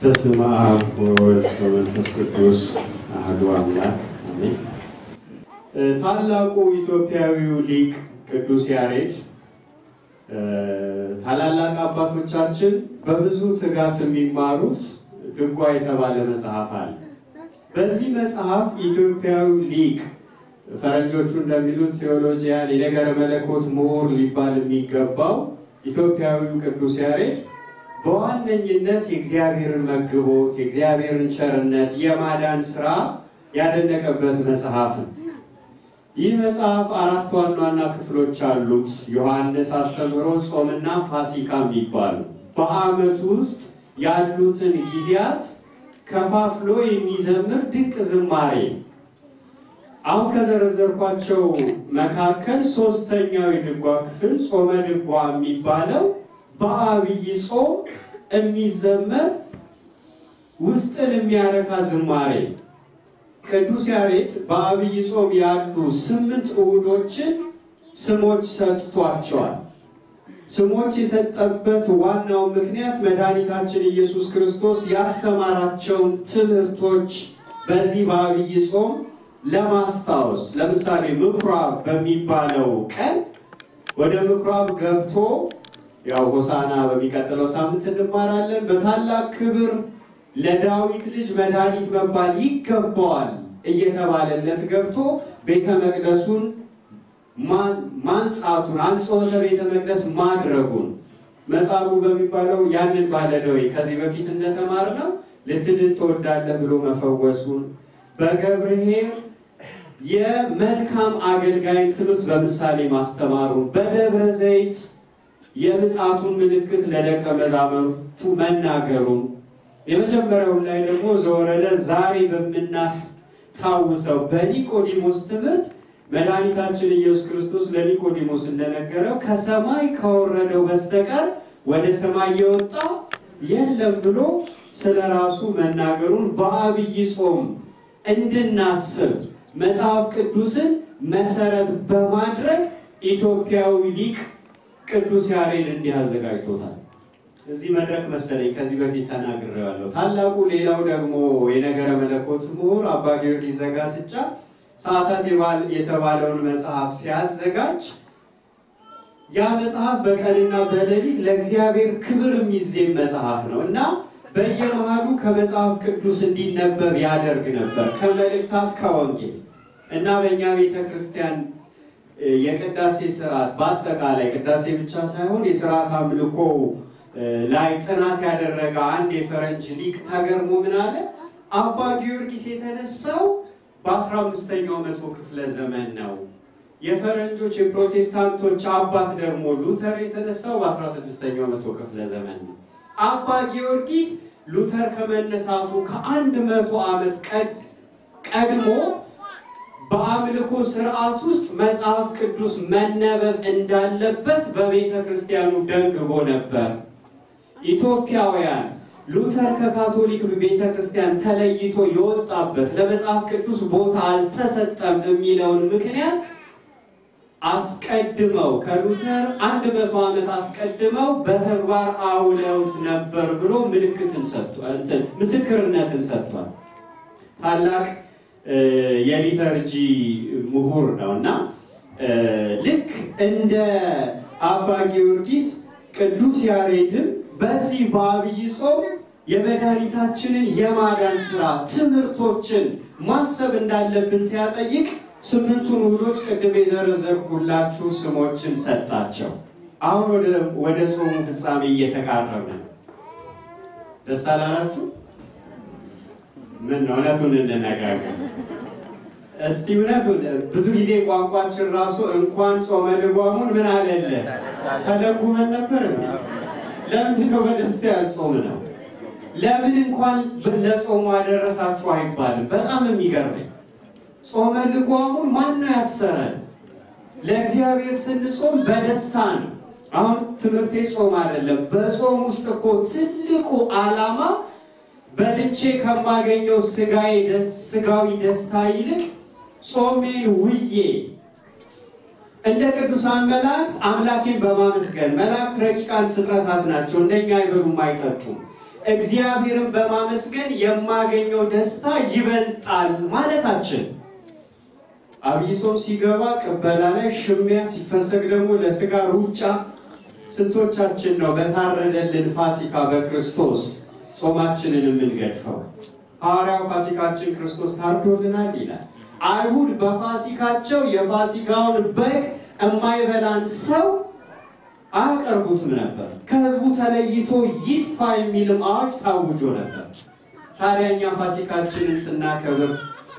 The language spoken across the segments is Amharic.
በስመ አብ ወወልድ ወመንፈስ ቅዱስ አሐዱ አምላክ አሜን። ታላቁ ኢትዮጵያዊው ሊቅ ቅዱስ ያሬድ ታላላቅ አባቶቻችን በብዙ ትጋት የሚማሩት ድጓ የተባለ መጽሐፍ አለ። በዚህ መጽሐፍ ኢትዮጵያዊ ሊቅ ፈረንጆቹ እንደሚሉት ቴዎሎጂያን የነገረ መለኮት ምሁር ሊባል የሚገባው ኢትዮጵያዊው ቅዱስ ያሬድ በዋነኝነት የእግዚአብሔርን መግቦት የእግዚአብሔርን ቸርነት የማዳን ስራ ያደነቀበት መጽሐፍ ነው። ይህ መጽሐፍ አራት ዋና ዋና ክፍሎች አሉት። ዮሐንስ አስተምሮ፣ ጾምና ፋሲካ የሚባሉ በዓመቱ ውስጥ ያሉትን ጊዜያት ከፋፍሎ የሚዘምር ድንቅ ዝማሬ አሁን ከዘረዘርኳቸው መካከል ሶስተኛው የድጓ ክፍል ጾመ ድጓ የሚባለው በአብይ ጾም የሚዘመር ውስጥን የሚያረካ ዝማሬ ቅዱስ ያሬድ በአብይ ጾም ያሉ ስምንት እሑዶችን ስሞች ሰጥቷቸዋል። ስሞች የሰጠበት ዋናው ምክንያት መድኃኒታችን ኢየሱስ ክርስቶስ ያስተማራቸውን ትምህርቶች በዚህ በአብይ ጾም ለማስታወስ ለምሳሌ ምኩራብ በሚባለው ቀን ወደ ምኩራብ ገብቶ ያው ሆሳና በሚቀጥለው ሳምንት እንማራለን። በታላቅ ክብር ለዳዊት ልጅ መድኃኒት መባል ይገባዋል እየተባለለት ገብቶ ቤተ መቅደሱን ማንጻቱን አንጽሖተ ቤተ መቅደስ ማድረጉን መጻጉዕ በሚባለው ያንን ባለደዌ ከዚህ በፊት እንደተማርነው ልትድን ትወዳለህ ብሎ መፈወሱን በገብርኄር የመልካም አገልጋይን ትምህርት በምሳሌ ማስተማሩን በደብረ ዘይት የምጽአቱን ምልክት ለደቀ መዛሙርቱ መናገሩን የመጀመሪያውን ላይ ደግሞ ዘወረደ ዛሬ በምናስታውሰው በኒቆዲሞስ ትምህርት መድኃኒታችን ኢየሱስ ክርስቶስ ለኒቆዲሞስ እንደነገረው ከሰማይ ከወረደው በስተቀር ወደ ሰማይ የወጣ የለም ብሎ ስለ ራሱ መናገሩን በአብይ ጾም እንድናስብ መጽሐፍ ቅዱስን መሰረት በማድረግ ኢትዮጵያዊ ሊቅ ቅዱስ ያሬድ እንዲህ አዘጋጅቶታል። እዚህ መድረክ መሰለኝ ከዚህ በፊት ተናግሬዋለሁ። ታላቁ ሌላው ደግሞ የነገረ መለኮት ምሁር አባ ጊዮርጊስ ዘጋስጫ ሰዓታት የተባለውን መጽሐፍ ሲያዘጋጅ ያ መጽሐፍ በቀንና በሌሊት ለእግዚአብሔር ክብር የሚዜም መጽሐፍ ነው እና በየመሃሉ ከመጽሐፍ ቅዱስ እንዲነበብ ያደርግ ነበር ከመልእክታት ከወንጌል እና በእኛ ቤተክርስቲያን የቅዳሴ ስርዓት በአጠቃላይ ቅዳሴ ብቻ ሳይሆን የስርዓት አምልኮ ላይ ጥናት ያደረገ አንድ የፈረንጅ ሊቅ ተገርሞ ምን አለ? አባ ጊዮርጊስ የተነሳው በአስራ አምስተኛው መቶ ክፍለ ዘመን ነው። የፈረንጆች የፕሮቴስታንቶች አባት ደግሞ ሉተር የተነሳው በአስራ ስድስተኛው መቶ ክፍለ ዘመን ነው። አባ ጊዮርጊስ ሉተር ከመነሳቱ ከአንድ መቶ ዓመት ቀድሞ በአምልኮ ስርዓት ውስጥ መጽሐፍ ቅዱስ መነበብ እንዳለበት በቤተ ክርስቲያኑ ደንግቦ ነበር። ኢትዮጵያውያን ሉተር ከካቶሊክ ቤተ ክርስቲያን ተለይቶ የወጣበት ለመጽሐፍ ቅዱስ ቦታ አልተሰጠም የሚለውን ምክንያት አስቀድመው ከሉተር አንድ መቶ ዓመት አስቀድመው በተግባር አውለውት ነበር ብሎ ምልክትን ሰጥቷል፣ ምስክርነትን ሰጥቷል ታላቅ የሊተርጂ ምሁር ነው እና ልክ እንደ አባ ጊዮርጊስ ቅዱስ ያሬድን በዚህ በአብይ ጾም የመድኃኒታችንን የማዳን ስራ ትምህርቶችን ማሰብ እንዳለብን ሲያጠይቅ ስምንቱን ውሎች ቅድም የዘረዘርኩላችሁ ስሞችን ሰጣቸው። አሁን ወደ ጾሙ ፍጻሜ እየተቃረበ ደስ አላላችሁ? ምን እውነቱን እንነጋገር እስቲ። እውነቱን ብዙ ጊዜ ቋንቋችን ራሱ እንኳን ጾመ ልጓሙን ምን አለለ ተደጉመን ነበር። ለምንድን ነው በደስታ ያልጾም ነው? ለምን እንኳን ለጾሙ አደረሳችሁ አይባልም? በጣም የሚገርመኝ ጾመ ልጓሙን ነው ያሰረን? ለእግዚአብሔር ስንጾም በደስታ ነው። አሁን ትምህርቴ ጾም አይደለም። በጾም ውስጥ እኮ ትልቁ አላማ? በልቼ ከማገኘው ስጋዬ ስጋዊ ደስታ ይልቅ ጾሜን ውዬ እንደ ቅዱሳን መላእክት አምላኬን በማመስገን መላእክት ረቂቃን ፍጥረታት ናቸው። እንደኛ አይበሉም አይጠጡም። እግዚአብሔርን በማመስገን የማገኘው ደስታ ይበልጣል ማለታችን። አብይ ጾም ሲገባ ቅበላ ላይ ሽሚያ፣ ሲፈሰግ ደግሞ ለስጋ ሩጫ። ስንቶቻችን ነው በታረደልን ፋሲካ በክርስቶስ ጾማችንን የምንገድፈው ሐዋርያው ፋሲካችን ክርስቶስ ታርዶልናል ይላል። አይሁድ በፋሲካቸው የፋሲካውን በግ የማይበላን ሰው አያቀርቡትም ነበር። ከህዝቡ ተለይቶ ይጥፋ የሚልም አዋጅ ታውጆ ነበር። ታዲያ እኛ ፋሲካችንን ስናከብር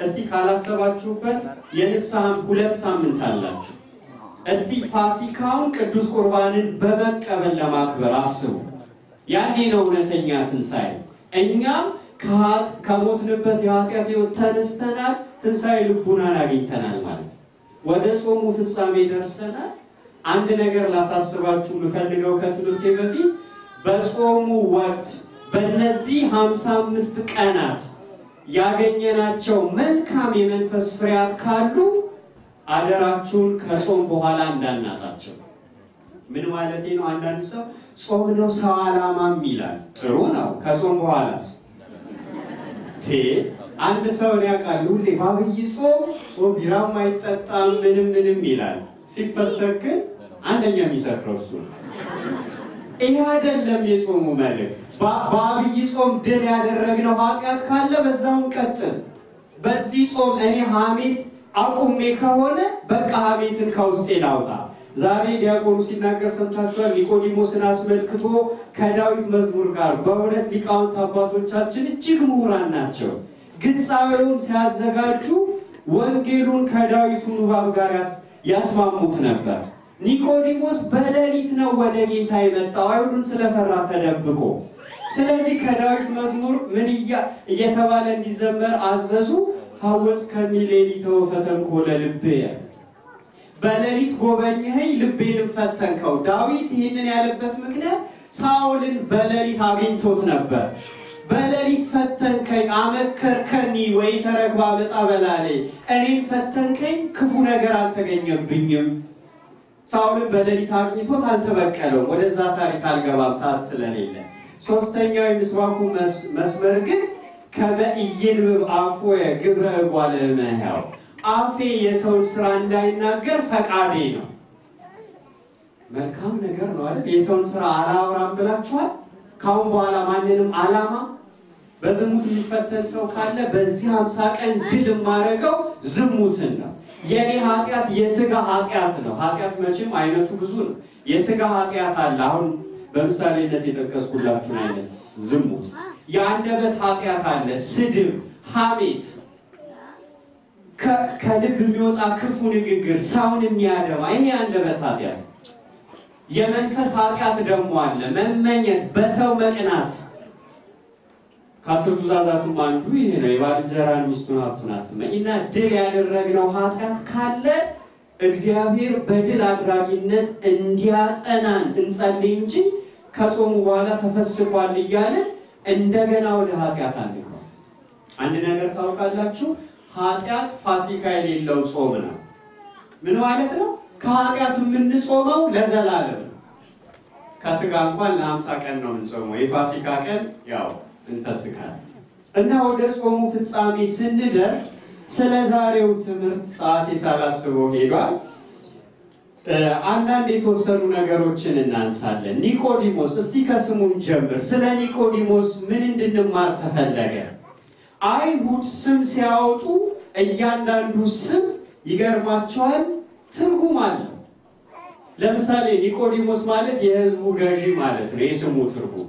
እስቲ ካላሰባችሁበት የንስሐም ሁለት ሳምንት አላችሁ። እስቲ ፋሲካውን ቅዱስ ቁርባንን በመቀበል ለማክበር አስቡ። ያኔ ነው እውነተኛ ትንሣኤ። እኛም ከሞትንበት የኃጢአት ሕይወት ተነስተናል፣ ትንሣኤ ልቡናን አግኝተናል ማለት ወደ ጾሙ ፍጻሜ ደርሰናል። አንድ ነገር ላሳስባችሁ የምፈልገው ከትምህርቴ በፊት በጾሙ ወቅት በእነዚህ ሀምሳ አምስት ቀናት ያገኘናቸው መልካም የመንፈስ ፍሬያት ካሉ አደራችሁን ከጾም በኋላ እንዳናጣቸው። ምን ማለቴ ነው? አንዳንድ ሰው ጾም ነው ሰው አላማም ይላል። ጥሩ ነው። ከጾም በኋላስ አንድ ሰው ያውቃል። ሁሌ ባብይ ጾም ጾም ቢራም አይጠጣም ምንም ምንም ይላል። ሲፈሰክ አንደኛ የሚሰክረው እሱ። ይሄ አይደለም የጾሙ መልእክት። በአብይ ጾም ድል ያደረግነው ኃጢአት ካለ በዛውን ቀጥል። በዚህ ጾም እኔ ሐሜት አቁሜ ከሆነ በቃ ሐሜትን ከውስጤ ላውጣ። ዛሬ ዲያቆኑ ሲናገር ሰምታችኋል። ኒቆዲሞስን አስመልክቶ ከዳዊት መዝሙር ጋር በእውነት ሊቃውንት አባቶቻችን እጅግ ምሁራን ናቸው። ግጻዌውን ሲያዘጋጁ ወንጌሉን ከዳዊቱ ንባብ ጋር ያስማሙት ነበር። ኒቆዲሞስ በሌሊት ነው ወደ ጌታ የመጣው አይሁዱን ስለፈራ ተደብቆ። ስለዚህ ከዳዊት መዝሙር ምን እየተባለ እንዲዘመር አዘዙ። ሀወዝ ከሚሌሊተው ፈተንኮ ለልብየ በሌሊት ጎበኘኸኝ ልቤንም ፈተንከው። ዳዊት ይህንን ያለበት ምክንያት ሳውልን በሌሊት አግኝቶት ነበር። በሌሊት ፈተንከኝ፣ አመከርከኒ ወይ ተረግባ በጻበላሌ እኔን ፈተንከኝ፣ ክፉ ነገር አልተገኘብኝም። ሳኦልን በሌሊት አግኝቶት አልተበቀለውም። ወደዛ ታሪክ አልገባም ሰዓት ስለሌለ። ሶስተኛው የምስራኩ መስመር ግን ከመእይንብብ አፎየ ግብረ እጓለ እመሕያው አፌ የሰውን ስራ እንዳይናገር ፈቃዴ ነው። መልካም ነገር ነው አይደል? የሰውን ስራ አላወራም ብላችኋል። ካሁን በኋላ ማንንም አላማ በዝሙት የሚፈተን ሰው ካለ በዚህ ሀምሳ ቀን ድል የማደርገው ዝሙትን ነው። የኔ ኃጢአት የስጋ ኃጢአት ነው። ኃጢአት መቼም አይነቱ ብዙ ነው። የስጋ ኃጢአት አለ። አሁን በምሳሌነት የጠቀስኩላችሁን አይነት ዝሙት፣ የአንደበት ኃጢአት አለ፣ ስድብ፣ ሀሜት ከልብ የሚወጣ ክፉ ንግግር ሰውን የሚያደማ ይሄ የአንደበት ኃጢአት። የመንፈስ ኃጢአት ደግሞ አለ፣ መመኘት፣ በሰው መቅናት። ከአስር ትእዛዛቱም አንዱ ይሄ ነው፣ የባልንጀራን ሚስቱን ሀብቱን አትመኝ እና ድል ያደረግነው ኃጢአት ካለ እግዚአብሔር በድል አድራጊነት እንዲያጸናን እንጸልይ እንጂ ከጾሙ በኋላ ተፈስቋል እያለ እንደገና ወደ ኃጢአት አንድ ነገር ታውቃላችሁ ኃጢአት ፋሲካ የሌለው ጾም ነው። ምን ማለት ነው? ከኃጢአት የምንጾመው ለዘላለም ነው። ከስጋ እንኳን ለአምሳ ቀን ነው የምንጾመው። የፋሲካ ቀን ያው እንፈስካለን እና ወደ ጾሙ ፍጻሜ ስንደርስ ስለ ዛሬው ትምህርት ሰዓት ሳላስበው ሄዷል። አንዳንድ የተወሰኑ ነገሮችን እናንሳለን። ኒቆዲሞስ፣ እስቲ ከስሙን ጀምር። ስለ ኒቆዲሞስ ምን እንድንማር ተፈለገ? አይሁድ ስም ሲያወጡ እያንዳንዱ ስም ይገርማቸዋል፣ ትርጉም አለ። ለምሳሌ ኒቆዲሞስ ማለት የህዝቡ ገዢ ማለት ነው፣ የስሙ ትርጉም።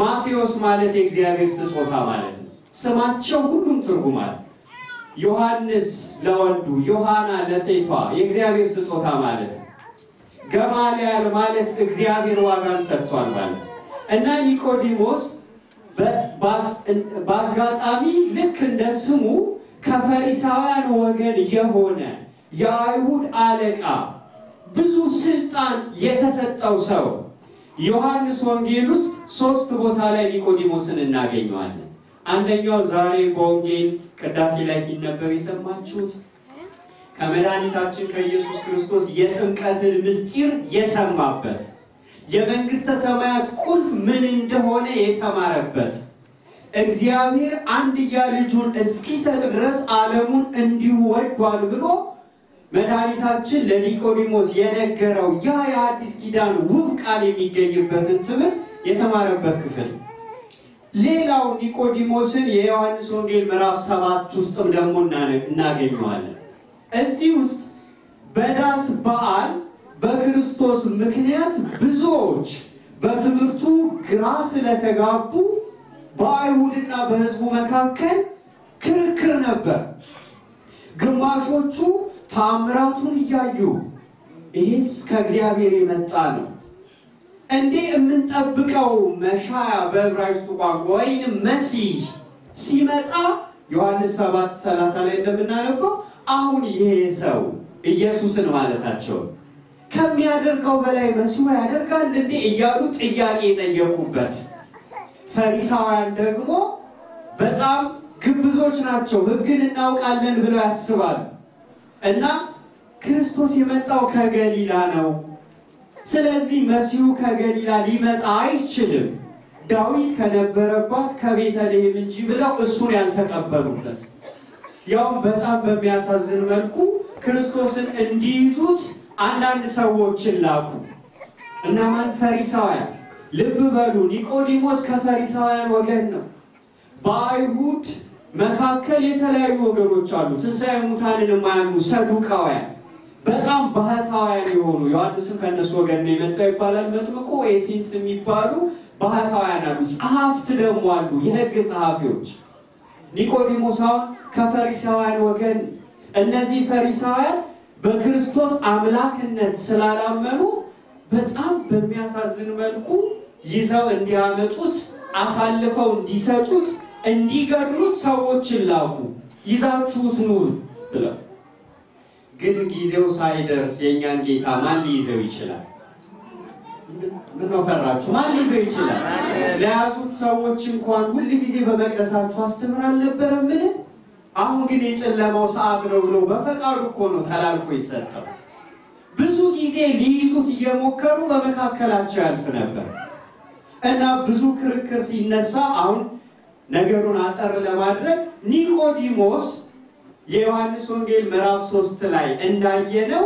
ማቴዎስ ማለት የእግዚአብሔር ስጦታ ማለት ነው። ስማቸው ሁሉም ትርጉም አለ። ዮሐንስ ለወንዱ፣ ዮሐና ለሴቷ የእግዚአብሔር ስጦታ ማለት ነው። ገማልያል ማለት እግዚአብሔር ዋጋን ሰጥቷል ማለት እና ኒቆዲሞስ በአጋጣሚ ልክ እንደ ስሙ ከፈሪሳውያን ወገን የሆነ የአይሁድ አለቃ ብዙ ስልጣን የተሰጠው ሰው ዮሐንስ ወንጌል ውስጥ ሶስት ቦታ ላይ ኒቆዲሞስን እናገኘዋለን። አንደኛው ዛሬ በወንጌል ቅዳሴ ላይ ሲነበር የሰማችሁት ከመድኃኒታችን ከኢየሱስ ክርስቶስ የጥምቀትን ምስጢር የሰማበት የመንግስተ ሰማያት ቁልፍ ምን እንደሆነ የተማረበት እግዚአብሔር አንድያ ልጁን እስኪሰጥ ድረስ ዓለሙን እንዲሁ ወዷል ብሎ መድኃኒታችን ለኒቆዲሞስ የነገረው ያ የአዲስ ኪዳን ውብ ቃል የሚገኝበትን ትምህርት የተማረበት ክፍል። ሌላው ኒቆዲሞስን የዮሐንስ ወንጌል ምዕራፍ ሰባት ውስጥም ደግሞ እናገኘዋለን። እዚህ ውስጥ በዳስ በዓል በክርስቶስ ምክንያት ብዙዎች በትምህርቱ ግራ ስለተጋቡ በአይሁድና በሕዝቡ መካከል ክርክር ነበር። ግማሾቹ ታምራቱን እያዩ ይህስ ከእግዚአብሔር የመጣ ነው እንዴ የምንጠብቀው መሻያ በዕብራይስጡ ቋንቋ ወይንም መሲህ ሲመጣ ዮሐንስ 7 30 ላይ እንደምናነበው አሁን ይሄ ሰው ኢየሱስን ማለታቸው ከሚያደርገው በላይ መሲሁ ያደርጋል እንዴ እያሉ ጥያቄ የጠየቁበት ፈሪሳውያን ደግሞ በጣም ግብዞች ናቸው። ሕግን እናውቃለን ብለው ያስባል እና ክርስቶስ የመጣው ከገሊላ ነው። ስለዚህ መሲሁ ከገሊላ ሊመጣ አይችልም፣ ዳዊት ከነበረባት ከቤተልሔም እንጂ ብለው እሱን ያልተቀበሉበት ያውም በጣም በሚያሳዝን መልኩ ክርስቶስን እንዲይዙት አንዳንድ ሰዎችን ላኩ። እነማን? ፈሪሳውያን። ልብ በሉ፣ ኒቆዲሞስ ከፈሪሳውያን ወገን ነው። በአይሁድ መካከል የተለያዩ ወገኖች አሉ። ትንሣኤ ሙታንን የማያምኑ ሰዱቃውያን፣ በጣም ባህታውያን የሆኑ ዮሐንስም ከእነሱ ወገን ነው የመጣው ይባላል። መጥምቁ ኤሲንስ የሚባሉ ባህታውያን አሉ። ጸሐፍት ደግሞ አሉ፣ የሕግ ጸሐፊዎች። ኒቆዲሞስ አሁን ከፈሪሳውያን ወገን። እነዚህ ፈሪሳውያን በክርስቶስ አምላክነት ስላላመኑ በጣም በሚያሳዝን መልኩ ይዘው እንዲያመጡት አሳልፈው እንዲሰጡት እንዲገድሉት ሰዎችን ላኩ። ይዛችሁት ኑ ብለው ግን ጊዜው ሳይደርስ የእኛን ጌታ ማን ሊይዘው ይችላል? ምነው ፈራችሁ? ማን ሊይዘው ይችላል? ለያዙት ሰዎች እንኳን ሁል ጊዜ በመቅደሳችሁ አስተምር አልነበረምን? አሁን ግን የጨለማው ሰዓት ነው ብሎ በፈቃዱ እኮ ነው ተላልፎ የተሰጠው። ብዙ ጊዜ ሊይዙት እየሞከሩ በመካከላቸው ያልፍ ነበር እና ብዙ ክርክር ሲነሳ አሁን ነገሩን አጠር ለማድረግ ኒቆዲሞስ የዮሐንስ ወንጌል ምዕራፍ ሶስት ላይ እንዳየነው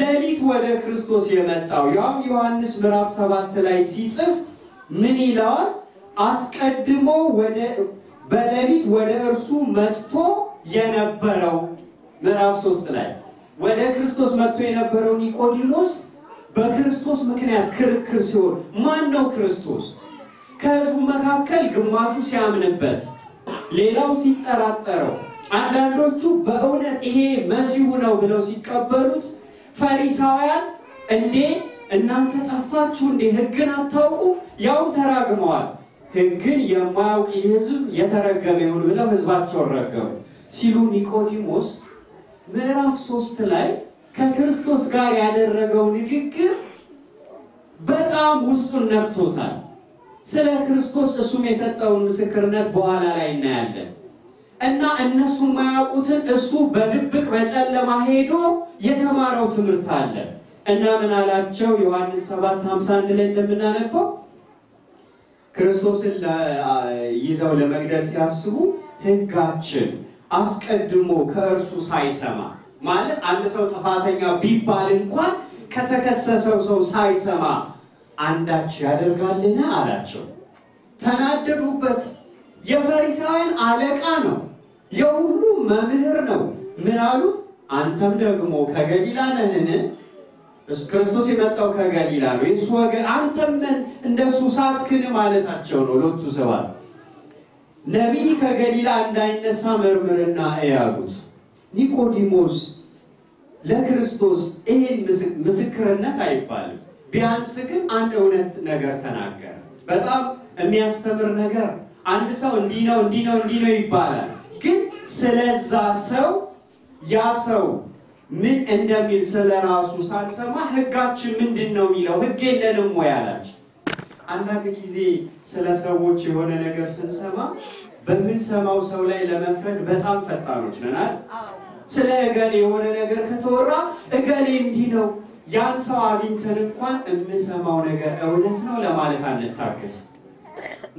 ሌሊት ወደ ክርስቶስ የመጣው ያም ዮሐንስ ምዕራፍ ሰባት ላይ ሲጽፍ ምን ይለዋል? አስቀድሞ በሌሊት ወደ እርሱ መጥቶ የነበረው ምዕራፍ ሶስት ላይ ወደ ክርስቶስ መጥቶ የነበረው ኒቆዲሞስ በክርስቶስ ምክንያት ክርክር ሲሆን ማን ነው ክርስቶስ? ከህዝቡ መካከል ግማሹ ሲያምንበት፣ ሌላው ሲጠራጠረው፣ አንዳንዶቹ በእውነት ይሄ መሲሁ ነው ብለው ሲቀበሉት፣ ፈሪሳውያን እንዴ እናንተ ጠፋችሁ እንዴ? ህግን አታውቁ? ያው ተራግመዋል። ህግን የማያውቅ ህዝብ የተረገመ ይሁን ብለው ህዝባቸውን ረገሙ። ሲሉ ኒቆዲሞስ ምዕራፍ ሶስት ላይ ከክርስቶስ ጋር ያደረገው ንግግር በጣም ውስጡን ነክቶታል። ስለ ክርስቶስ እሱም የሰጠውን ምስክርነት በኋላ ላይ እናያለን እና እነሱ ማያውቁትን እሱ በድብቅ በጨለማ ሄዶ የተማረው ትምህርት አለ እና ምን አላቸው? ዮሐንስ 7 51 ላይ እንደምናነበው ክርስቶስን ይዘው ለመግደል ሲያስቡ ሕጋችን አስቀድሞ ከእርሱ ሳይሰማ ማለት አንድ ሰው ጥፋተኛ ቢባል እንኳን ከተከሰሰው ሰው ሳይሰማ አንዳች ያደርጋልን አላቸው። ተናደዱበት። የፈሪሳውያን አለቃ ነው፣ የሁሉ መምህር ነው። ምን አሉት? አንተም ደግሞ ከገሊላ ነህን? ክርስቶስ የመጣው ከገሊላ ነው። የእሱ ወገን አንተም እንደሱ ሳትክን ማለታቸው ነው። ሎቱ ሰባት ነቢይ ከገሊላ እንዳይነሳ መርምርና እያሉት ኒቆዲሞስ ለክርስቶስ ይሄን ምስክርነት አይባልም። ቢያንስ ግን አንድ እውነት ነገር ተናገረ። በጣም የሚያስተምር ነገር አንድ ሰው እንዲህ ነው እንዲህ ነው እንዲህ ነው ይባላል፣ ግን ስለዛ ሰው ያ ሰው ምን እንደሚል ስለ ራሱ ሳልሰማ ህጋችን ምንድን ነው የሚለው ህግ የለንም ወይ አላቸው። አንዳንድ ጊዜ ስለ ሰዎች የሆነ ነገር ስንሰማ በምንሰማው ሰው ላይ ለመፍረድ በጣም ፈጣኖች ነናል። ስለ እገሌ የሆነ ነገር ከተወራ እገሌ እንዲህ ነው፣ ያን ሰው አግኝተን እንኳን የምሰማው ነገር እውነት ነው ለማለት አንታገስ።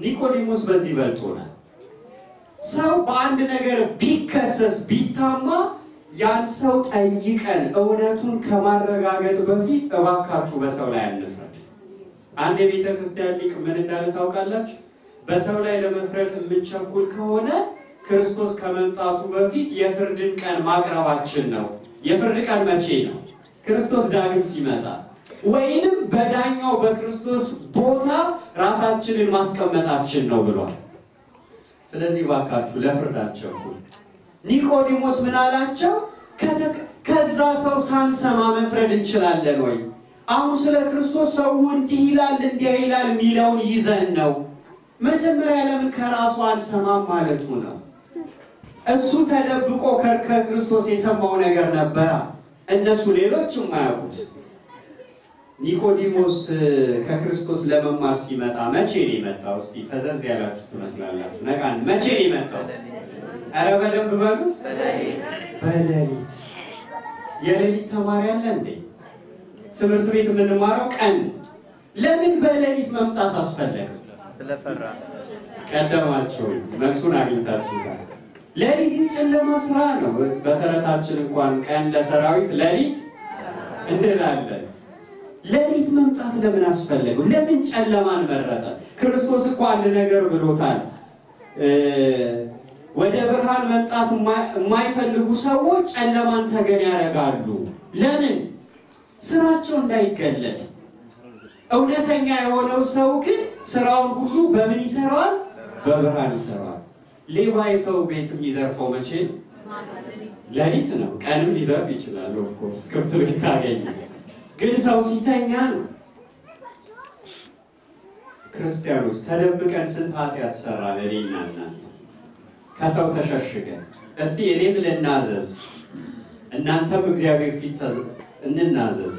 ኒቆዲሞስ በዚህ በልጦናል። ሰው በአንድ ነገር ቢከሰስ ቢታማ ያን ሰው ጠይቀን እውነቱን ከማረጋገጥ በፊት እባካችሁ በሰው ላይ አንፍረ አንድ የቤተ ክርስቲያን ሊቅ ምን እንዳለ ታውቃላችሁ? በሰው ላይ ለመፍረድ የምንቸኩል ከሆነ ክርስቶስ ከመምጣቱ በፊት የፍርድን ቀን ማቅረባችን ነው። የፍርድ ቀን መቼ ነው? ክርስቶስ ዳግም ሲመጣ ወይንም በዳኛው በክርስቶስ ቦታ ራሳችንን ማስቀመጣችን ነው ብሏል። ስለዚህ ባካችሁ ለፍርዳቸው ኒቆዲሞስ ምን አላቸው? ከዛ ሰው ሳንሰማ መፍረድ እንችላለን ወይ? አሁን ስለ ክርስቶስ ሰው እንዲህ ይላል እንዲያ ይላል የሚለውን ይዘን ነው። መጀመሪያ ለምን ከራሱ አልሰማም ማለቱ ነው። እሱ ተደብቆ ከክርስቶስ የሰማው ነገር ነበረ፣ እነሱ ሌሎች የማያውቁት። ኒቆዲሞስ ከክርስቶስ ለመማር ሲመጣ መቼ ነው የመጣው? እስቲ ፈዘዝ ያላችሁ ትመስላላችሁ። ነቃን። መቼ ነው የመጣው? ኧረ በደንብ በሉት። በሌሊት የሌሊት ተማሪ አለ እንዴ? ትምህርት ቤት የምንማረው ቀን ለምን በሌሊት መምጣት አስፈለገ? ስለፈራ ቀደማችሁ መልሱን አግኝታችኋል። ለሊት ጨለማ ስራ ነው። በተረታችን እንኳን ቀን ለሰራዊት ለሊት እንላለን። ለሊት መምጣት ለምን አስፈለገው? ለምን ጨለማን መረጠ? ክርስቶስ እኮ አንድ ነገር ብሎታል። ወደ ብርሃን መምጣት የማይፈልጉ ሰዎች ጨለማን ተገን ያደርጋሉ። ለምን ስራቸው እንዳይገለጥ። እውነተኛ የሆነው ሰው ግን ስራውን ሁሉ በምን ይሰራዋል? በብርሃን ይሰራዋል። ሌባ የሰው ቤት የሚዘርፈው መቼ? ለሊት ነው። ቀንም ሊዘርፍ ይችላል። ኦፍኮርስ ክፍት ቤት ግን ሰው ሲተኛ ነው። ክርስቲያኖች ተደብቀን ስንት ኃጢአት ሰራ ለኔና እናንተ ከሰው ተሸሽገን። እስቲ እኔም ልናዘዝ እናንተም እግዚአብሔር ፊት እንናዘዝ።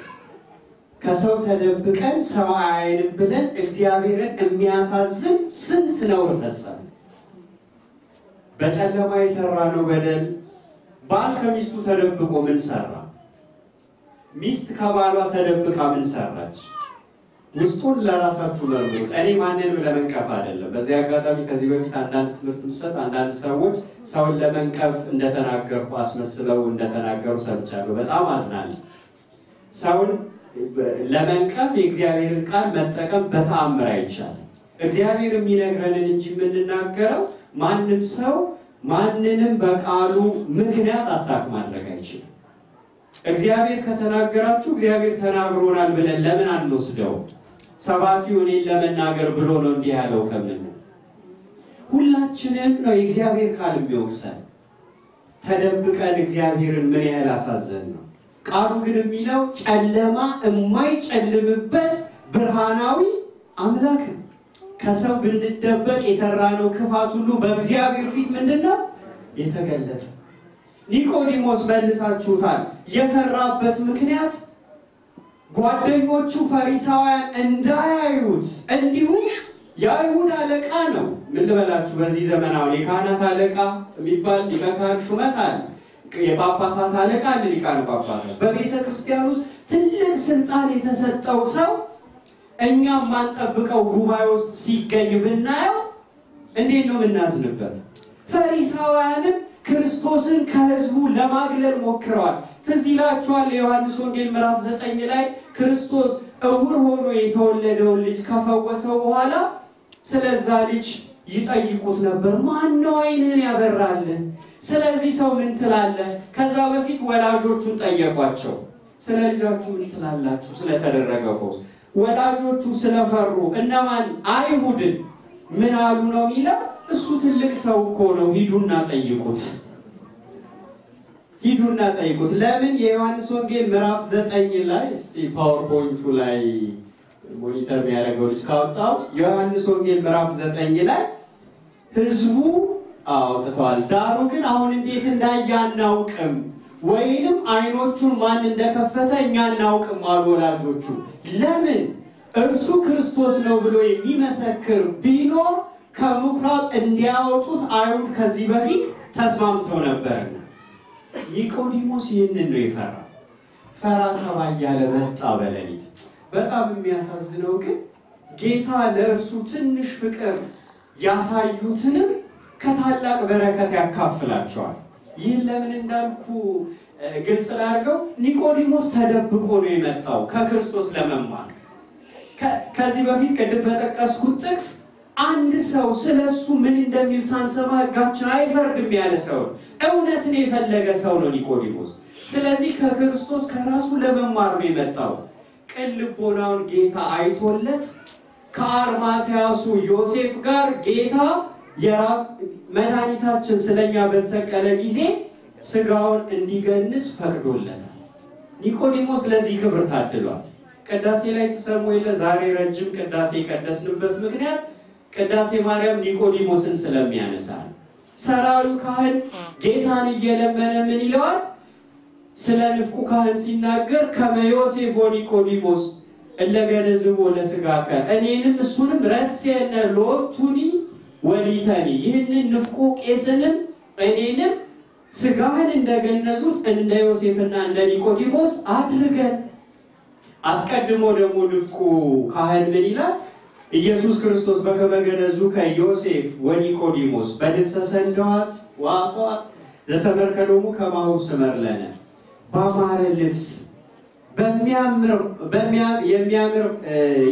ከሰው ተደብቀን ሰው አያይንም ብለን እግዚአብሔርን የሚያሳዝን ስንት ነውር ፈጸምን። በጨለማ የሰራ ነው በደል። ባል ከሚስቱ ተደብቆ ምን ሰራ? ሚስት ከባሏ ተደብቃ ምን ሰራች? ውስጡን ለራሳችሁ መርምሩት። እኔ ማንንም ለመንቀፍ አይደለም። በዚህ አጋጣሚ ከዚህ በፊት አንዳንድ ትምህርት ምሰጥ አንዳንድ ሰዎች ሰውን ለመንቀፍ እንደተናገርኩ አስመስለው እንደተናገሩ ሰምቻለሁ። በጣም አዝናለሁ። ሰውን ለመንቀፍ የእግዚአብሔርን ቃል መጠቀም በተአምር አይቻልም። እግዚአብሔር የሚነግረንን እንጂ የምንናገረው ማንም ሰው ማንንም በቃሉ ምክንያት አታክ ማድረግ አይችልም። እግዚአብሔር ከተናገራችሁ እግዚአብሔር ተናግሮናል ብለን ለምን አንወስደው? ሰባኪው እኔን ለመናገር ብሎ ነው እንዲህ ያለው ከምን ሁላችንም ነው የእግዚአብሔር ቃል የሚወቅሰን። ተደብቀን እግዚአብሔርን ምን ያህል አሳዘን ነው ቃሉ ግን የሚለው ጨለማ የማይጨልምበት ብርሃናዊ አምላክ ነው። ከሰው ብንደበቅ የሰራነው ክፋት ሁሉ በእግዚአብሔር ፊት ምንድን ነው የተገለጠ። ኒቆዲሞስ መልሳችሁታል። የፈራበት ምክንያት ጓደኞቹ ፈሪሳውያን እንዳያዩት እንዲሁም የአይሁድ አለቃ ነው። ምን ልበላችሁ፣ በዚህ ዘመናዊ የካህናት አለቃ የሚባል ሊመካን ሹመት አለ። የጳጳሳት አለቃ አንድ ሊቃነ ጳጳሳት በቤተ ክርስቲያን ውስጥ ትልቅ ስልጣን የተሰጠው ሰው እኛም ማንጠብቀው ጉባኤ ውስጥ ሲገኝ ብናየው እንዴት ነው የምናዝንበት? ፈሪሳውያንም ክርስቶስን ከህዝቡ ለማግለል ሞክረዋል። ትዝ ይላችኋል የዮሐንስ ወንጌል ምዕራፍ ዘጠኝ ላይ ክርስቶስ እውር ሆኖ የተወለደውን ልጅ ከፈወሰው በኋላ ስለዛ ልጅ ይጠይቁት ነበር፣ ማን ነው ዓይንህን ያበራል? ስለዚህ ሰው ምን ትላለህ? ከዛ በፊት ወላጆቹን ጠየቋቸው። ስለ ልጃችሁ ምን ትላላችሁ? ስለተደረገ ፈውስ ወላጆቹ ስለፈሩ እነማን? አይሁድን ምን አሉ ነው የሚለው። እሱ ትልቅ ሰው እኮ ነው፣ ሂዱና ጠይቁት፣ ሂዱና ጠይቁት። ለምን የዮሐንስ ወንጌል ምዕራፍ ዘጠኝ ላይ እስቲ ፓወርፖይንቱ ላይ ሞኒተር የሚያደርገው ልጅ ካወጣው የዮሐንስ ወንጌል ምዕራፍ ዘጠኝ ላይ ህዝቡ አውጥቷል። ዳሩ ግን አሁን እንዴት እንዳየ አናውቅም፣ ወይንም አይኖቹን ማን እንደከፈተ እኛ አናውቅም አሉ ወላጆቹ። ለምን እርሱ ክርስቶስ ነው ብሎ የሚመሰክር ቢኖር ከምኩራብ እንዲያወጡት አይሁድ ከዚህ በፊት ተስማምተው ነበርና። ኒቆዲሞስ ይህንን ነው የፈራ ፈራ ተባ እያለ መጣ በሌሊት። በጣም የሚያሳዝነው ግን ጌታ ለእርሱ ትንሽ ፍቅር ያሳዩትንም ከታላቅ በረከት ያካፍላቸዋል። ይህን ለምን እንዳልኩ ግልጽ ላድርገው። ኒቆዲሞስ ተደብቆ ነው የመጣው ከክርስቶስ ለመማር። ከዚህ በፊት ቅድም በጠቀስኩት ጥቅስ አንድ ሰው ስለ እሱ ምን እንደሚል ሳንሰማ ሕጋችን አይፈርድም ያለ ሰው እውነትን የፈለገ ሰው ነው ኒቆዲሞስ። ስለዚህ ከክርስቶስ ከራሱ ለመማር ነው የመጣው። ቅን ልቦናውን ጌታ አይቶለት ከአርማትያሱ ዮሴፍ ጋር ጌታ መድኃኒታችን ስለኛ በተሰቀለ ጊዜ ስጋውን እንዲገንስ ፈቅዶለታል። ኒቆዲሞስ ለዚህ ክብር ታድሏል። ቅዳሴ ላይ ተሰሙ የለ ዛሬ ረጅም ቅዳሴ የቀደስንበት ምክንያት ቅዳሴ ማርያም ኒቆዲሞስን ስለሚያነሳ ሰራዩ ካህን ጌታን እየለመነ ምን ይለዋል? ስለ ንፍቁ ካህን ሲናገር ከመዮሴፎ ኒቆዲሞስ እለገነዝቦ ለስጋከ እኔንም እሱንም ረሴነ ሎቱኒ ወሊተኒ ይህንን ንፍቁ ቄስንም እኔንም ስጋህን እንደገነዙት እንደ ዮሴፍና እንደ ኒቆዲሞስ አድርገን። አስቀድሞ ደግሞ ንፍቁ ካህን ምን ይላል? ኢየሱስ ክርስቶስ በከመ ገነዙ ከዮሴፍ ወኒቆዲሞስ በልብሰ ሰንዳዋት ወአፏ ዘሰበርከ ሎሙ ከማሁ ስመርለነ በአማረ ልብስ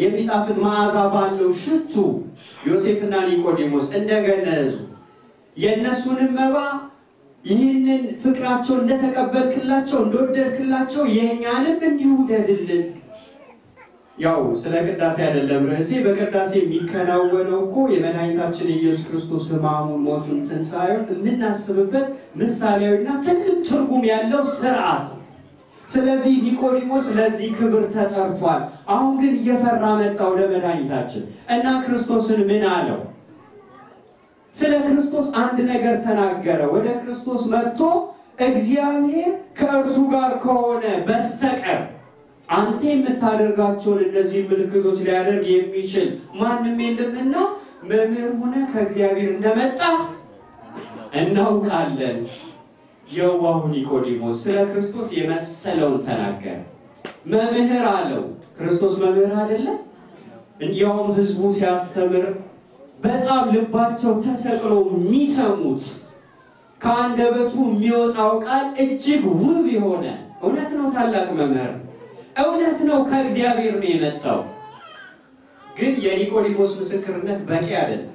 የሚጣፍጥ መዓዛ ባለው ሽቱ ዮሴፍና ኒቆዲሞስ እንደገነዙ የእነሱንም መባ ይህንን ፍቅራቸው እንደተቀበልክላቸው እንደወደድክላቸው የእኛንም እንዲሁ ደድልን። ያው ስለ ቅዳሴ አይደለም ርዕሴ። በቅዳሴ የሚከናወነው እኮ የመድኃኒታችን ኢየሱስ ክርስቶስ ሕማሙን ሞቱን ትንሣኤውን የምናስብበት ምሳሌያዊና ትልቅ ትርጉም ያለው ስርዓት ስለዚህ ኒቆዲሞስ ለዚህ ክብር ተጠርቷል። አሁን ግን እየፈራ መጣ ወደ መድኃኒታችን እና ክርስቶስን ምን አለው? ስለ ክርስቶስ አንድ ነገር ተናገረ። ወደ ክርስቶስ መጥቶ እግዚአብሔር ከእርሱ ጋር ከሆነ በስተቀር አንተ የምታደርጋቸውን እነዚህ ምልክቶች ሊያደርግ የሚችል ማንም የለምና መምህር ሆነ ከእግዚአብሔር እንደመጣ እናውቃለን። የዋሁ ኒቆዲሞስ ስለ ክርስቶስ የመሰለውን ተናገረ። መምህር አለው። ክርስቶስ መምህር አይደለም? እንዲያውም ህዝቡ ሲያስተምር በጣም ልባቸው ተሰቅሎ የሚሰሙት ከአንደበቱ የሚወጣው ቃል እጅግ ውብ የሆነ እውነት ነው። ታላቅ መምህር እውነት ነው። ከእግዚአብሔር ነው የመጣው። ግን የኒቆዲሞስ ምስክርነት በቂ አይደለም።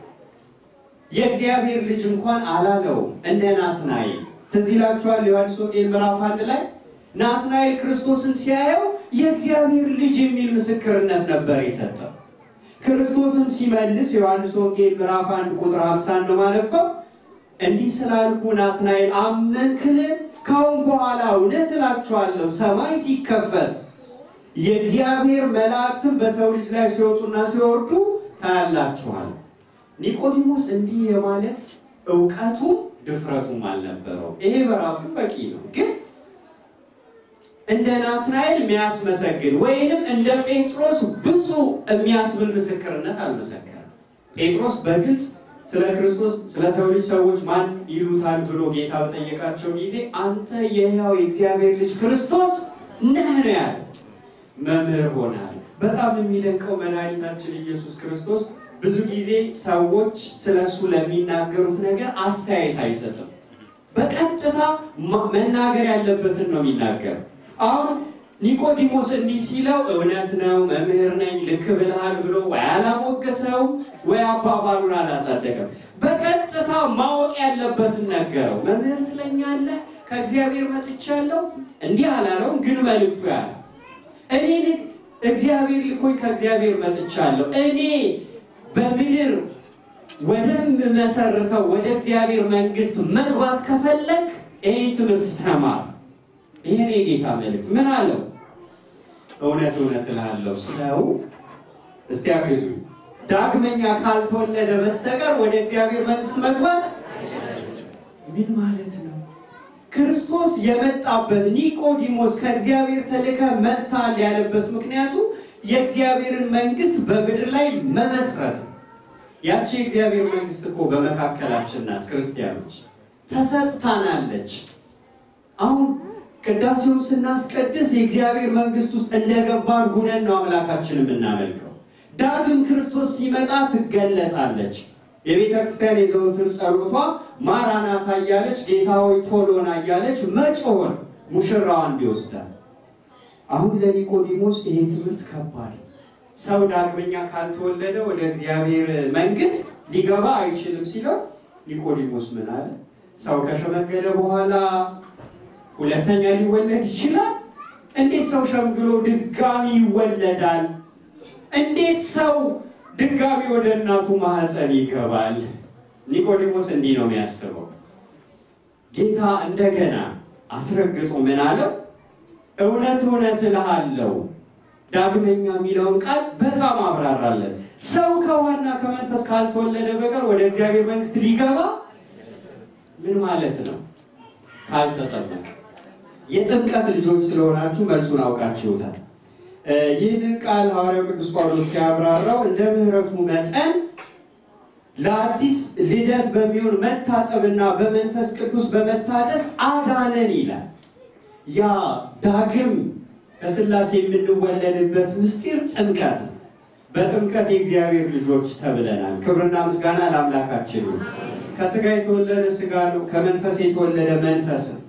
የእግዚአብሔር ልጅ እንኳን አላለው እነ ናትናኤል ትዝ ይላችኋል ዮሐንስ ወንጌል ምዕራፍ አንድ ላይ ናትናኤል ክርስቶስን ሲያየው የእግዚአብሔር ልጅ የሚል ምስክርነት ነበር የሰጠው። ክርስቶስን ሲመልስ ዮሐንስ ወንጌል ምዕራፍ አንድ ቁጥር 50 ነው ማነበው። እንዲህ ስላልኩ ናትናኤል አመንክን? ካሁን በኋላ እውነት እላችኋለሁ ሰማይ ሲከፈት የእግዚአብሔር መላእክትን በሰው ልጅ ላይ ሲወጡና ሲወርዱ ታያላችኋል። ኒቆዲሞስ እንዲህ የማለት እውቀቱ ድፍረቱም አልነበረው። ይሄ በራሱ በቂ ነው። ግን እንደ ናትናኤል የሚያስመሰግን ወይንም እንደ ጴጥሮስ ብዙ የሚያስብል ምስክርነት አልመሰከረም። ጴጥሮስ በግልጽ ስለ ክርስቶስ ስለ ሰው ልጅ ሰዎች ማን ይሉታል ብሎ ጌታ በጠየቃቸው ጊዜ አንተ የሕያው የእግዚአብሔር ልጅ ክርስቶስ ነህ ነው ያለ። መምህር ሆናል። በጣም የሚደንቀው መድኃኒታችን ኢየሱስ ክርስቶስ ብዙ ጊዜ ሰዎች ስለ እሱ ለሚናገሩት ነገር አስተያየት አይሰጥም። በቀጥታ መናገር ያለበትን ነው የሚናገር። አሁን ኒቆዲሞስ እንዲህ ሲለው እውነት ነው መምህር ነኝ ልክ ብልሃል ብሎ ወይ አላሞገሰው ወይ አባባሉን አላሳደገም። በቀጥታ ማወቅ ያለበትን ነገረው። መምህር ትለኛለህ፣ ከእግዚአብሔር መጥቻለሁ እንዲህ አላለውም፣ ግን መልኩ ያለ እኔ እግዚአብሔር ልኮኝ ከእግዚአብሔር መጥቻለሁ እኔ በምድር ወደምመሰርተው ወደ እግዚአብሔር መንግስት መግባት ከፈለግ ይህ ትምህርት ተማር። ይህን የጌታ መልክ ምን አለው? እውነት እውነት እላለሁ ስለው እስቲ ዳግመኛ ካልተወለደ በስተቀር ወደ እግዚአብሔር መንግስት መግባት ምን ማለት ነው? ክርስቶስ የመጣበት ኒቆዲሞስ ከእግዚአብሔር ተልከ መጥተሃል ያለበት ምክንያቱ የእግዚአብሔርን መንግስት በምድር ላይ መመስረት ያቺ የእግዚአብሔር መንግስት እኮ በመካከላችን ናት። ክርስቲያኖች ተሰጥታናለች። አሁን ቅዳሴውን ስናስቀድስ የእግዚአብሔር መንግስት ውስጥ እንደገባን ሁነን ነው አምላካችን የምናመልከው። ዳግም ክርስቶስ ሲመጣ ትገለጻለች። የቤተ ክርስቲያን የዘውትር ጸሎቷ ማራናታ እያለች ጌታ ሆይ ቶሎ ና እያለች መጮሆን ሙሽራዋን እንዲወስዳል አሁን ለኒቆዲሞስ ይሄ ትምህርት ከባድ ሰው ዳግመኛ ካልተወለደ ወደ እግዚአብሔር መንግስት ሊገባ አይችልም ሲለው ኒቆዲሞስ ምን አለ? ሰው ከሸመገለ በኋላ ሁለተኛ ሊወለድ ይችላል? እንዴት ሰው ሸምግሎ ድጋሚ ይወለዳል? እንዴት ሰው ድጋሚ ወደ እናቱ ማህፀን ይገባል? ኒቆዲሞስ እንዲህ ነው የሚያስበው። ጌታ እንደገና አስረግጦ ምን አለው? እውነት እውነት እልሃለሁ ዳግመኛ የሚለውን ቃል በጣም አብራራለን። ሰው ከውሃና ከመንፈስ ካልተወለደ በቀር ወደ እግዚአብሔር መንግስት ሊገባ ምን ማለት ነው? ካልተጠመቀ። የጥምቀት ልጆች ስለሆናችሁ መልሱን አውቃችሁታል። ይህንን ቃል ሐዋርያው ቅዱስ ጳውሎስ ሲያብራራው እንደ ምሕረቱ መጠን ለአዲስ ልደት በሚሆን መታጠብና በመንፈስ ቅዱስ በመታደስ አዳነን ይላል። ያ ዳግም ከስላሴ የምንወለድበት ምስጢር ጥምቀት ነው። በጥምቀት የእግዚአብሔር ልጆች ተብለናል። ክብርና ምስጋና ለአምላካችን ነው። ከስጋ የተወለደ ስጋ ነው፣ ከመንፈስ የተወለደ መንፈስ ነው።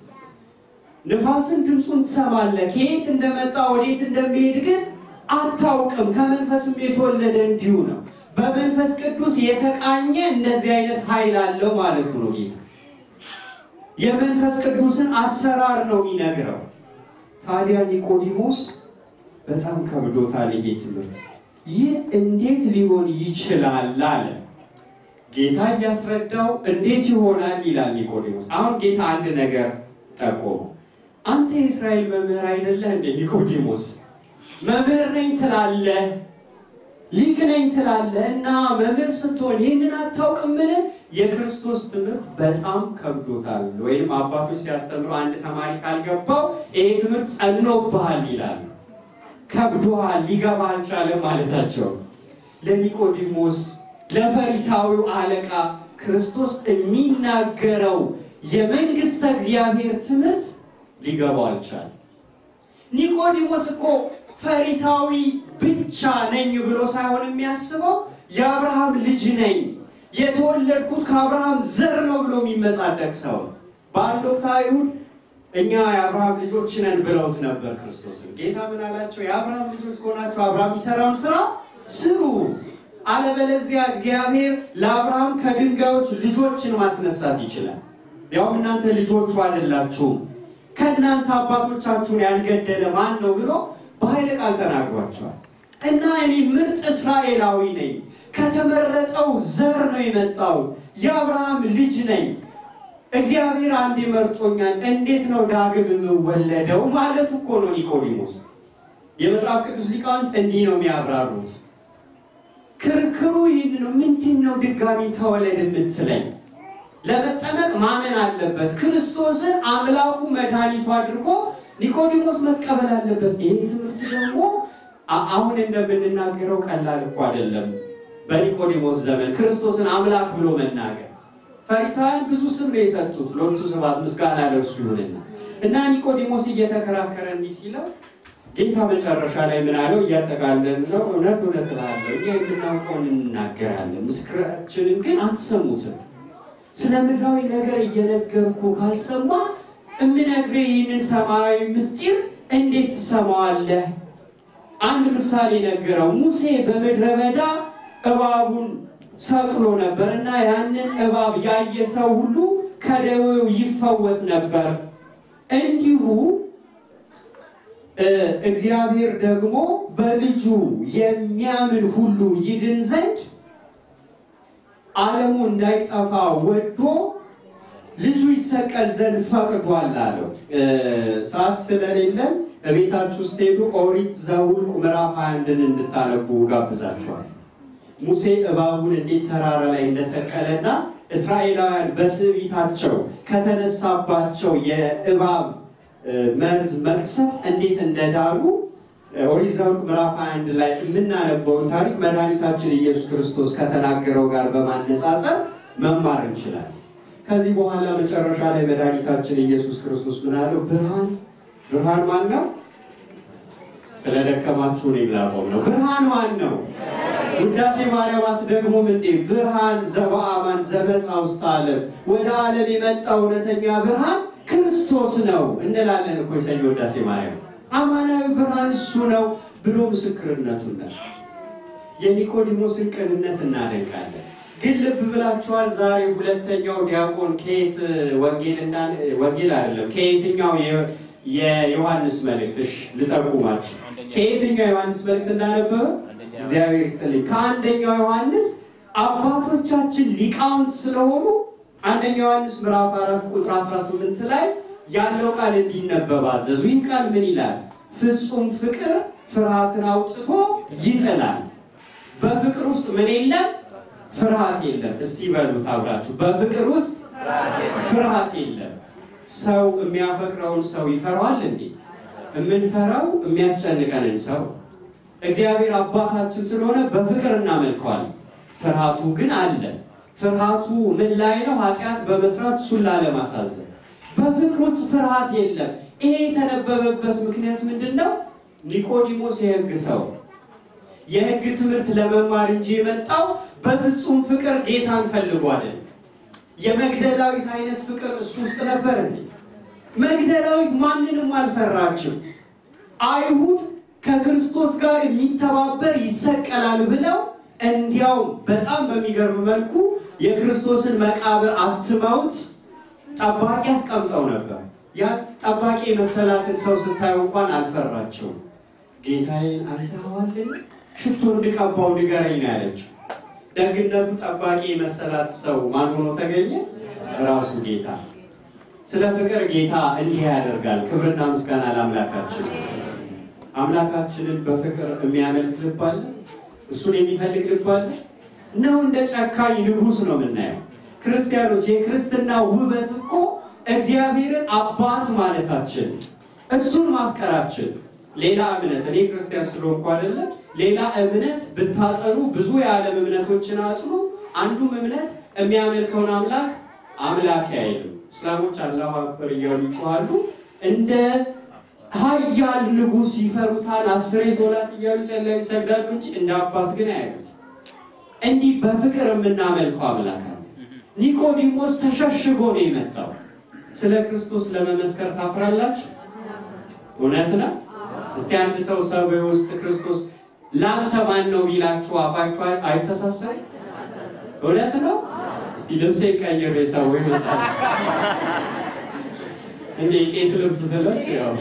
ንፋስን ድምፁን ትሰማለህ፣ ከየት እንደመጣ ወዴት እንደሚሄድ ግን አታውቅም። ከመንፈስም የተወለደ እንዲሁ ነው። በመንፈስ ቅዱስ የተቃኘ እነዚህ አይነት ኃይል አለው ማለት ነው ጌታ የመንፈስ ቅዱስን አሰራር ነው የሚነግረው። ታዲያ ኒቆዲሞስ በጣም ከብዶታል ይሄ ትምህርት፣ ይህ እንዴት ሊሆን ይችላል አለ። ጌታ እያስረዳው እንዴት ይሆናል ይላል ኒቆዲሞስ። አሁን ጌታ አንድ ነገር ጠቆሙ። አንተ የእስራኤል መምህር አይደለህ እንደ ኒቆዲሞስ መምህር ነኝ ትላለህ፣ ሊቅ ነኝ ትላለህ እና መምህር ስትሆን ይህንን አታውቅምን? የክርስቶስ ትምህርት በጣም ከብዶታል፣ ወይም አባቶች ሲያስተምሩ አንድ ተማሪ ካልገባው ይሄ ትምህርት ጸኖብሃል ይላል። ከብዶሃል፣ ሊገባ አልቻለም ማለታቸው። ለኒቆዲሞስ ለፈሪሳዊው አለቃ ክርስቶስ የሚናገረው የመንግስት እግዚአብሔር ትምህርት ሊገባው አልቻለም። ኒቆዲሞስ እኮ ፈሪሳዊ ብቻ ነኝ ብሎ ሳይሆን የሚያስበው የአብርሃም ልጅ ነኝ የተወለድኩት ከአብርሃም ዘር ነው ብሎ የሚመጻደቅ ሰው በአንድ ወቅት አይሁድ እኛ የአብርሃም ልጆች ነን ብለውት ነበር ክርስቶስን። ጌታ ምን አላቸው? የአብርሃም ልጆች ከሆናቸው አብርሃም ይሰራም ስራ ስሩ፣ አለበለዚያ እግዚአብሔር ለአብርሃም ከድንጋዮች ልጆችን ማስነሳት ይችላል። ያውም እናንተ ልጆቹ አይደላችሁም፣ ከእናንተ አባቶቻችሁን ያልገደለ ማን ነው ብሎ በኃይለ ቃል ተናግሯቸዋል። እና እኔ ምርጥ እስራኤላዊ ነኝ ከተመረጠው ዘር ነው የመጣው። የአብርሃም ልጅ ነኝ። እግዚአብሔር አንድ መርጦኛል። እንዴት ነው ዳግም የምወለደው ማለት እኮ ነው። ኒቆዲሞስ የመጽሐፍ ቅዱስ ሊቃውንት እንዲህ ነው የሚያብራሩት። ክርክሩ ይህን ነው። ምንድን ነው ድጋሚ ተወለድ የምትለኝ? ለመጠመቅ ማመን አለበት። ክርስቶስን አምላኩ መድኃኒቱ አድርጎ ኒቆዲሞስ መቀበል አለበት። ይህ ትምህርት ደግሞ አሁን እንደምንናገረው ቀላል እኮ አይደለም። በኒቆዲሞስ ዘመን ክርስቶስን አምላክ ብሎ መናገር። ፈሪሳውያን ብዙ ስም ነው የሰጡት ለወቅቱ ስብሐት ምስጋና ለእርሱ ይሁንና እና ኒቆዲሞስ እየተከራከረ እንዲህ ሲለው ጌታ መጨረሻ ላይ ምን አለው? እያጠቃለን ነው። እውነት እውነት እላለሁ እኛ የምናውቀውን እንናገራለን፣ ምስክራችንን ግን አትሰሙትም። ስለ ምድራዊ ነገር እየነገርኩ ካልሰማ እምነግርህ ይህንን ሰማያዊ ምስጢር እንዴት ትሰማዋለህ? አንድ ምሳሌ ነገረው። ሙሴ በምድረ በዳ እባቡን ሰቅሎ ነበር እና ያንን እባብ ያየ ሰው ሁሉ ከደዌው ይፈወስ ነበር። እንዲሁ እግዚአብሔር ደግሞ በልጁ የሚያምን ሁሉ ይድን ዘንድ ዓለሙ እንዳይጠፋ ወዶ ልጁ ይሰቀል ዘንድ ፈቅዷል አለው። ሰዓት ስለሌለን እቤታችሁ ስትሄዱ ኦሪት ዘውልቁ ምዕራፍ 21ን እንድታነቡ ጋብዛችኋል። ሙሴ እባቡን እንዴት ተራራ ላይ እንደሰቀለና እስራኤላውያን በትዕቢታቸው ከተነሳባቸው የእባብ መርዝ መቅሰፍ እንዴት እንደዳሩ ኦሪት ዘኍልቍ ምዕራፍ 21 ላይ የምናነበውን ታሪክ መድኃኒታችን ኢየሱስ ክርስቶስ ከተናገረው ጋር በማነጻጸር መማር እንችላለን። ከዚህ በኋላ መጨረሻ ላይ መድኃኒታችን ኢየሱስ ክርስቶስ ምን አለው? ብርሃን ብርሃን ማን ነው? ስለደከማችሁ እኔ ላቆም ነው። ብርሃን ማን ነው? ውዳሴ ማርያማት ደግሞ ምጤ ብርሃን ዘበአማን ዘመፃ ውስጥ ዓለም ወደ ዓለም የመጣ እውነተኛ ብርሃን ክርስቶስ ነው እንላለን እኮ የሰኞ ውዳሴ ማርያም። አማናዊ ብርሃን እሱ ነው ብሎ ምስክርነቱ ነው። የኒቆዲሞስን ቅንነት እናደንቃለን። ግን ልብ ብላችኋል? ዛሬ ሁለተኛው ዲያቆን ከየት ወንጌል አይደለም ከየትኛው የዮሐንስ መልእክት ልጠቁማችሁ፣ ከየትኛው የዮሐንስ መልእክት እንዳነበበ እግዚአብሔር ይስጥልኝ። ከአንደኛው ዮሐንስ አባቶቻችን ሊቃውንት ስለሆኑ አንደኛው ዮሐንስ ምዕራፍ 4 ቁጥር 18 ላይ ያለው ቃል እንዲነበብ አዘዙ። ይህ ቃል ምን ይላል? ፍጹም ፍቅር ፍርሃትን አውጥቶ ይጥላል። በፍቅር ውስጥ ምን የለም? ፍርሃት የለም። እስቲ በሉት አብራችሁ፣ በፍቅር ውስጥ ፍርሃት የለም። ሰው የሚያፈቅረውን ሰው ይፈራዋል እንዴ? የምንፈራው የሚያስጨንቀንን ሰው እግዚአብሔር አባታችን ስለሆነ በፍቅር እናመልከዋል። ፍርሃቱ ግን አለ። ፍርሃቱ ምን ላይ ነው? ኃጢአት በመስራት እሱን ላለማሳዘን። በፍቅር ውስጥ ፍርሃት የለም። ይሄ የተነበበበት ምክንያት ምንድን ነው? ኒቆዲሞስ የህግ ሰው የህግ ትምህርት ለመማር እንጂ የመጣው በፍጹም ፍቅር ጌታን ፈልጓል። የመግደላዊት አይነት ፍቅር እሱ ውስጥ ነበር እንዴ? መግደላዊት ማንንም አልፈራችም። አይሁድ ከክርስቶስ ጋር የሚተባበር ይሰቀላል ብለው እንዲያውም በጣም በሚገርም መልኩ የክርስቶስን መቃብር አትመውት ጠባቂ አስቀምጠው ነበር። ያ ጠባቂ የመሰላትን ሰው ስታዩ እንኳን አልፈራቸውም። ጌታዬን አይተኸዋልን? ሽቶ እንድቀባው ንገረኝ ነው ያለችው። ደግነቱ ጠባቂ የመሰላት ሰው ማን ሆኖ ተገኘ? ራሱ ጌታ። ስለ ፍቅር ጌታ እንዲህ ያደርጋል። ክብርና ምስጋና ለአምላካችን። አምላካችንን በፍቅር የሚያመልክ ልብ አለ? እሱን የሚፈልግ ልብ አለ? ነው እንደ ጨካኝ ንጉስ ነው የምናየው። ክርስቲያኖች፣ የክርስትና ውበት እኮ እግዚአብሔርን አባት ማለታችን፣ እሱን ማፍቀራችን። ሌላ እምነት እኔ ክርስቲያን ስለሆንኩ አይደለም። ሌላ እምነት ብታጠኑ ብዙ የዓለም እምነቶችን አጥኑ። አንዱም እምነት የሚያመልከውን አምላክ አምላክ አይልም። እስላሞች አላሁ አክበር እያሉ ይጮሃሉ እንደ ኃያል ንጉሥ ይፈሩታል። አስሬ ዞላት እያሉ ጸላይ ሰግዳት እንጂ እንደ አባት ግን አያዩት። እንዲህ በፍቅር የምናመልከው አምላክ አለ። ኒቆዲሞስ ተሸሽጎ ነው የመጣው። ስለ ክርስቶስ ለመመስከር ታፍራላችሁ? እውነት ነው። እስቲ አንድ ሰው ሰብእ ውስጥ ክርስቶስ ለአንተ ማን ነው ቢላችሁ አፋችሁ አይተሳሰር? እውነት ነው። እስቲ ልብሴ ይቀየር ሰው ይመጣል እንዴ ቄስ ልብስ ስለስ ያው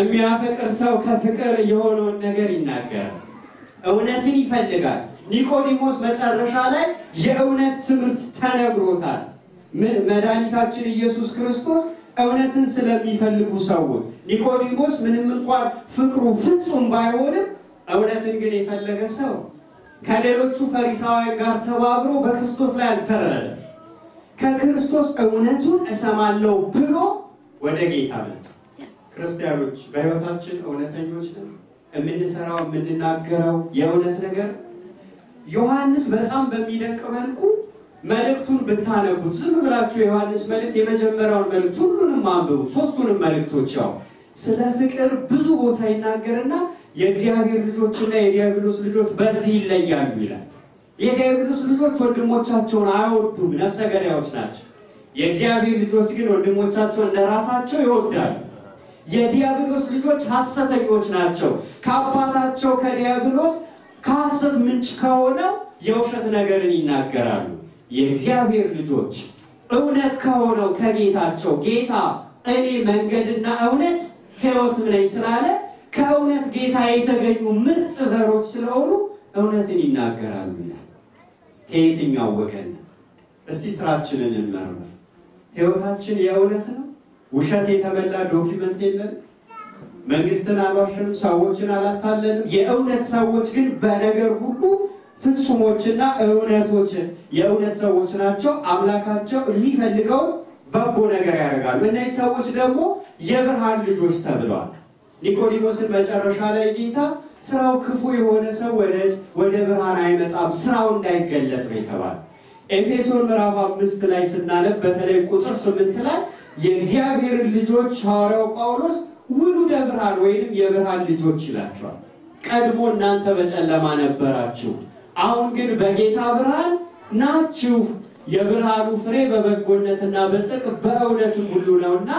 የሚያፈቅር ሰው ከፍቅር የሆነውን ነገር ይናገራል፣ እውነትን ይፈልጋል። ኒቆዲሞስ መጨረሻ ላይ የእውነት ትምህርት ተነግሮታል። መድኃኒታችን ኢየሱስ ክርስቶስ እውነትን ስለሚፈልጉ ሰዎች ኒቆዲሞስ ምንም እንኳን ፍቅሩ ፍጹም ባይሆንም እውነትን ግን የፈለገ ሰው ከሌሎቹ ፈሪሳውያን ጋር ተባብሮ በክርስቶስ ላይ አልፈረደም። ከክርስቶስ እውነቱን እሰማለሁ ብሎ ወደ ጌታ መጣ። ክርስቲያኖች በህይወታችን እውነተኞች ነን? የምንሰራው የምንናገረው የእውነት ነገር ዮሐንስ በጣም በሚደንቅ መልኩ መልእክቱን ብታነቡት ዝም ብላችሁ የዮሐንስ መልእክት የመጀመሪያውን መልእክት ሁሉንም አንብቡ፣ ሶስቱንም መልእክቶች ያው ስለ ፍቅር ብዙ ቦታ ይናገርና የእግዚአብሔር ልጆችና የዲያብሎስ ልጆች በዚህ ይለያሉ ይላል። የዲያብሎስ ልጆች ወንድሞቻቸውን አይወዱም፣ ነፍሰ ገዳዮች ናቸው። የእግዚአብሔር ልጆች ግን ወንድሞቻቸውን እንደራሳቸው ይወዳሉ። የዲያብሎስ ልጆች ሐሰተኞች ናቸው። ከአባታቸው ከዲያብሎስ ከሐሰት ምንጭ ከሆነው የውሸት ነገርን ይናገራሉ። የእግዚአብሔር ልጆች እውነት ከሆነው ከጌታቸው ጌታ እኔ መንገድና እውነት ሕይወትም ነኝ ስላለ ከእውነት ጌታ የተገኙ ምርጥ ዘሮች ስለሆኑ እውነትን ይናገራሉ። ከየትኛው ወገን? እስቲ ስራችንን እንመርምር። ሕይወታችን የእውነት ነው? ውሸት የተመላ ዶኪመንት የለን መንግስትን አልዋሸንም፣ ሰዎችን አላታለንም። የእውነት ሰዎች ግን በነገር ሁሉ ፍጹሞችና እውነቶችን የእውነት ሰዎች ናቸው። አምላካቸው የሚፈልገው በጎ ነገር ያደርጋሉ። እነዚህ ሰዎች ደግሞ የብርሃን ልጆች ተብለዋል። ኒቆዲሞስን መጨረሻ ላይ ጌታ ስራው ክፉ የሆነ ሰው ወደ ብርሃን አይመጣም፣ ስራው እንዳይገለጥ ነው የተባለ ኤፌሶን ምዕራፍ አምስት ላይ ስናነብ በተለይ ቁጥር ስምንት ላይ የእግዚአብሔር ልጆች ሐዋርያው ጳውሎስ ውሉደ ብርሃን ወይንም የብርሃን ልጆች ይላቸዋል። ቀድሞ እናንተ በጨለማ ነበራችሁ፣ አሁን ግን በጌታ ብርሃን ናችሁ። የብርሃኑ ፍሬ በበጎነትና በጽድቅ በእውነትም ሁሉ ነውና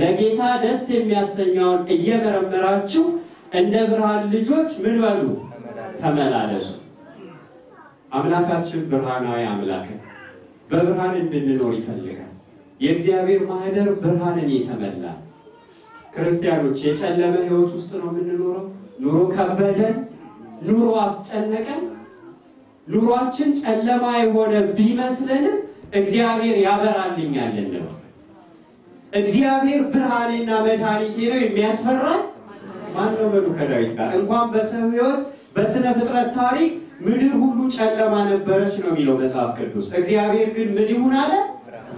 ለጌታ ደስ የሚያሰኘውን እየመረመራችሁ እንደ ብርሃን ልጆች ምን በሉ ተመላለሱ። አምላካችን ብርሃናዊ አምላክ በብርሃን እንድንኖር ይፈልጋል። የእግዚአብሔር ማህደር ብርሃንን የተመላ ክርስቲያኖች የጨለመ ህይወት ውስጥ ነው የምንኖረው። ኑሮ ከበደን፣ ኑሮ አስጨነቀን፣ ኑሯችን ጨለማ የሆነ ቢመስለንም እግዚአብሔር ያበራልኛል ነው። እግዚአብሔር ብርሃኔና መድኃኒቴ ነው፣ የሚያስፈራ ማን ነው በሉ ከዳዊት ጋር። እንኳን በሰው ህይወት በስነ ፍጥረት ታሪክ ምድር ሁሉ ጨለማ ነበረች ነው የሚለው መጽሐፍ ቅዱስ። እግዚአብሔር ግን ምን ይሁን አለ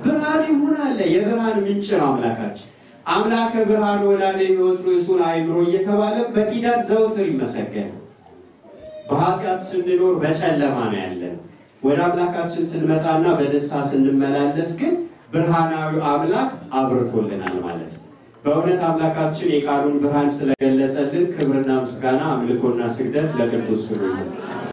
ብርሃን ይሁን አለ። የብርሃን ምንጭ ነው አምላካችን። አምላከ ብርሃን ወላደ ሕይወት ርዕሱን አእምሮ እየተባለ በኪዳን ዘውትር ይመሰገን። በኃጢአት ስንኖር በጨለማ ነው ያለን። ወደ አምላካችን ስንመጣና በደስታ ስንመላለስ ግን ብርሃናዊ አምላክ አብርቶልናል ማለት ነው። በእውነት አምላካችን የቃሉን ብርሃን ስለገለጸልን ክብርና ምስጋና አምልኮና ስግደት ለቅዱስ ስሩ